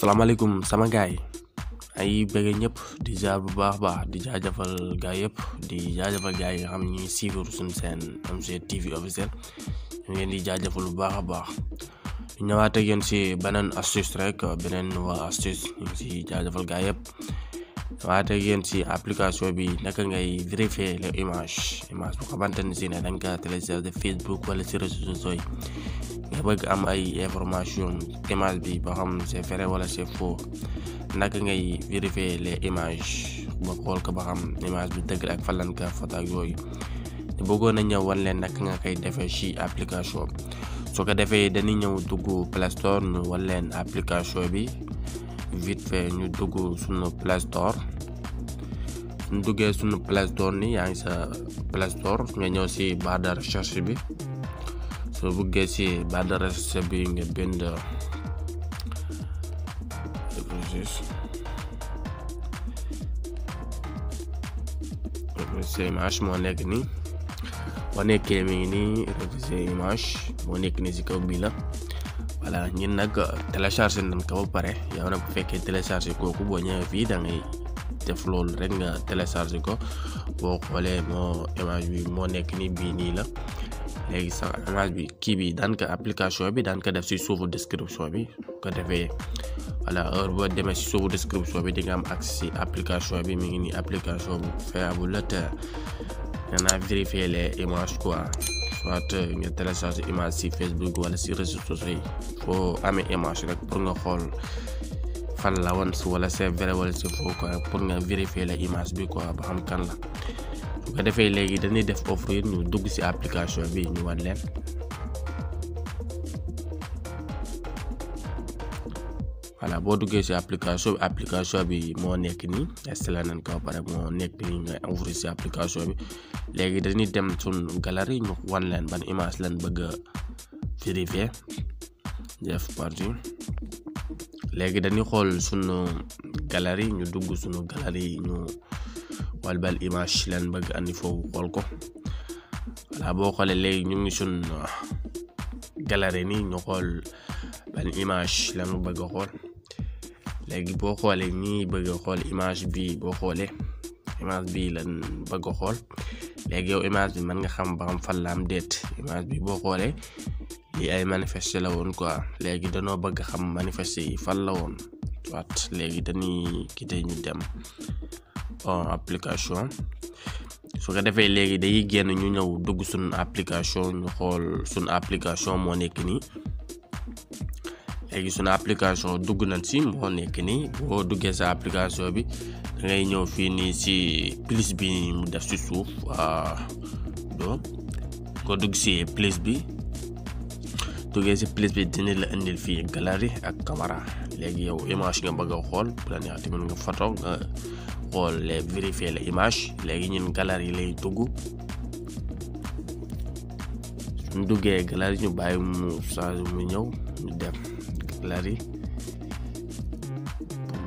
salaamaaleykum sama gaay ay bëgge ñëpp di jaar bu baax baax di jaajëfal gaay yëpp di jaajëfal gaay yi nga xam ñuy suivre suñu seen MG TV officiel ñu ngeen di jaajëfal bu baax a baax ñu ñëwaat ak yéen si beneen astuce rek beneen waa astuce ñu ngi si jaajëfal gaay yëpp ñëwaat geen yéen si application bi naka ngay vérifier les image image bu xamante ni si ne da nga télécharger Facebook wala si réseaux sociaux yi dafa bëgg am ay information image bi ba xam c'est fere wala c'est faux naka ngay vérifier les images ba xool ko ba xam image bi dëgg ak falan ka ak yooyu bëggoon na ñëw wan leen naka nga koy defee ci application su ko defee dañuy ñëw dugg Play Store ñu wan leen application bi vite ñu dugg suñu Play Store ñu duggee suñu Play Store ni yaa ngi sa Play Store nga ñëw ci barre de recherche bi so buggeci baada recherche bi nga bind réviser image moo nekk nii boo nekkee mi ngi nii réviser image moo nekk nii si kaw bii la voilà ñun nag téléchargé nañ kaw pare yow nag bu fekkee téléchargé kooku boo ñëwee fii da def loolu rek nga téléchargé ko boo xoolee moo image bi moo nekk ni bii nii la léegi sa image bi kii bi daan application bi daan def si suufu description bi ko defee voilà heure boo demee si suufu description bi di am ak si application bi mi ngi nii application bu fiable la te danaa vérifier les images quoi soit euh, nga télécharger image si Facebook wala si réseaux sociaux yi foo amee image rek pour nga xool fan la woon si wala c'est vrai wala c'est faux pour nga vérifier image bi quoi ba xam kan la. bu defee léegi dañuy def offre yi ñu dugg ci application bi ñu wan leen voilà boo duggee ci application bi application bi moo nekk nii installé nañ ko pare moo nekk nii nga ouvrir ci application bi léegi dañuy dem suñu galerie ñu wan leen ban image lañ bëgg a vérifier def partout léegi dañuy xool sunu galerie ñu dugg sunu galerie ñu. Walbal image leen bëgg andi foofu xool ko voilà boo xoolee léegi ñu ngi sun euh, galerie nii ñu xool ban image lañu bëgg a xool léegi boo xoolee ñii bëgg a xool image bii boo xoolee image bii lan bëgg a xool léegi yow image bi man nga xam ba xam fan la am déet image bi boo xoolee lii ay manifeste la woon quoi léegi danoo bëgg xam manifeste yi fan la woon waat léegi dañuy quitté ñu dem en application su ko defee léegi dañuy génn ñu ñëw dugg suñ application ñu xool suñ application moo nekk nii léegi suñu application dugg nañ si moo nekk nii boo duggee sa application bi da ngay ñëw fii nii si plus bi mu def si suuf waa ko dugg si plus bi duggee si plus bi dina la indil fii galerie ak caméra léegi yow image nga bëgg xool bu tamit nga photo nga xool les vérifier les images léegi ñun galerie lay dugg suñ duggee galerie ñu bàyyi mu change mu ñëw ñu dem galerie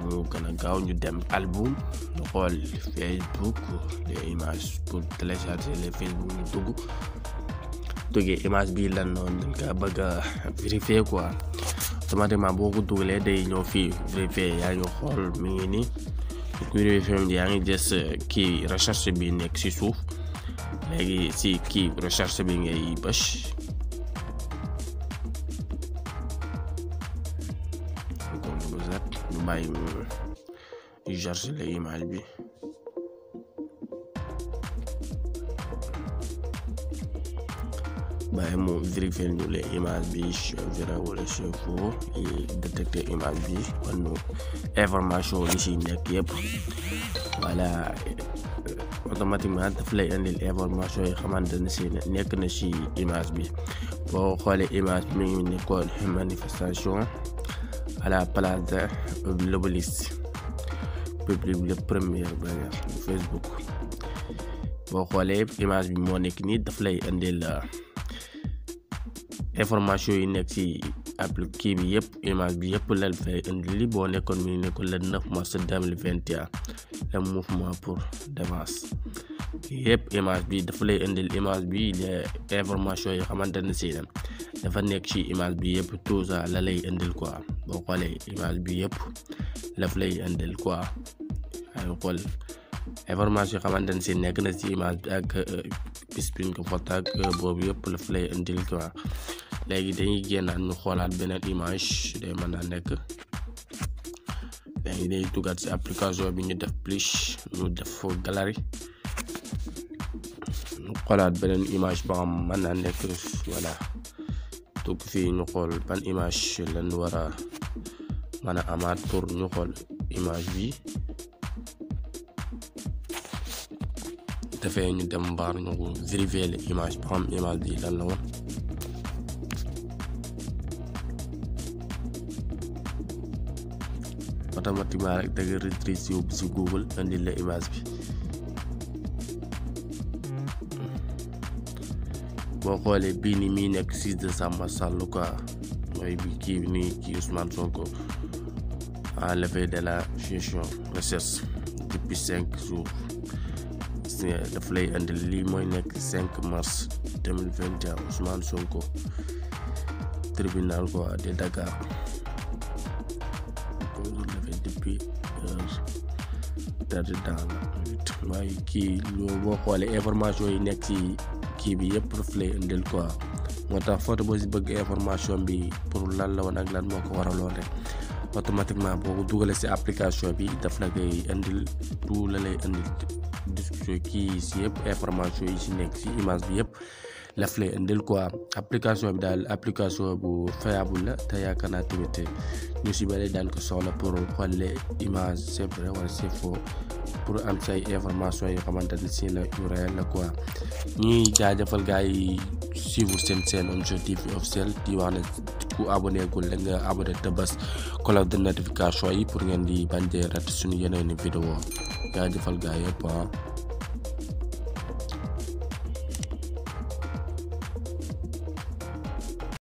mu gën a gaaw ñu dem album ñu xool Facebook les images pour télécharger les Facebook ñu dugg duggee image bi lan noonu dañ kaa bëgg a vérifier quoi automatiquement boo ko dugalee day ñëw fii vérifier yaa ngi xool mi ngi nii kuy vérifier moom yaa ngi des euh, kii recherche bi nekk si suuf léegi si kii recherche bi ngay bës ñu bàyyi mu chargé la image bi waaye mu vérifier ñu les image bi chevre wala chevaux yi détecté image bi wan ñu information li ci nekk yëpp voilà euh, automatiquement daf lay indil information yi xamante ne si nekk na ci image bi boo xoolee image bi mi ngi nekkoon manifestation à la place de l'Obélisque public le premier bannière Facebook boo xoolee image bi moo nekk nii daf lay indil. Euh, information yi nekk ci appli kii bi yëpp image bi yëpp lan fay indi li boo nekkoon mu nekkoon le 9 mars 2021 le mouvement pour Devance yëpp image bi dafa lay indil image bi les informations yi xamante ne si dafa nekk ci image bi yëpp tout ça la lay indil quoi boo xoolee image bi yëpp daf lay indil quoi ay xool information yi xamante ne si nekk na ci image bi ak euh, bis bi nga ko foto ak euh, boobu yëpp daf lay indil quoi. léegi dañuy génnaat ñu xoolaat beneen image day mën naa nekk léegi dañuy tuggaat ci application bi ñu def plus ñu def foog galari ñu xolaat beneen image ba xam mën naa nekk voilà tugg fi ñu xool ban image lañ war a mën a amaat pour ñu xool image bi dafay ñu dem mbaar ñu vérifier l'image ba xam image yi lan la woon automatiquement rek da nga retrice yóbbu si Google indi la image bi boo xoolee bii ni muy nekk 6 décembre Sall quoi mooy bi kii nii kii Ousmane Sonko à levée de la session recherche depuis 5 jours daf lay indil lii mooy nekk 5 mars 2021 Ousmane Sonko tribunal quoi de Dakar. perte de kii loo boo xoolee information yi nekk ci kii bi yëpp daf lay indil quoi moo tax photo boo si bëgg information bi pour lan la woon ak lan moo ko waraloon rek automatiquement boo ko dugalee si application bi daf la koy indil tout la lay indil discussion kii si yëpp information yi si nekk si image bi yëpp. laf lay indil quoi application bi daal application bu fiable la te yaakaar naa tamit ñu si bëri daan ko soxla pour xolle image c'est vrai wala c'est pour am say information yoo xamante ne si la yu réel la quoi ñuy jaajëfal gars yi suivre seen seen Omzo TV di wax na ku abonné gul la nga abonné te bés cloche de notification yi pour ngeen di bañ a rate suñu yeneen vidéo jaajëfal gars yëpp ah.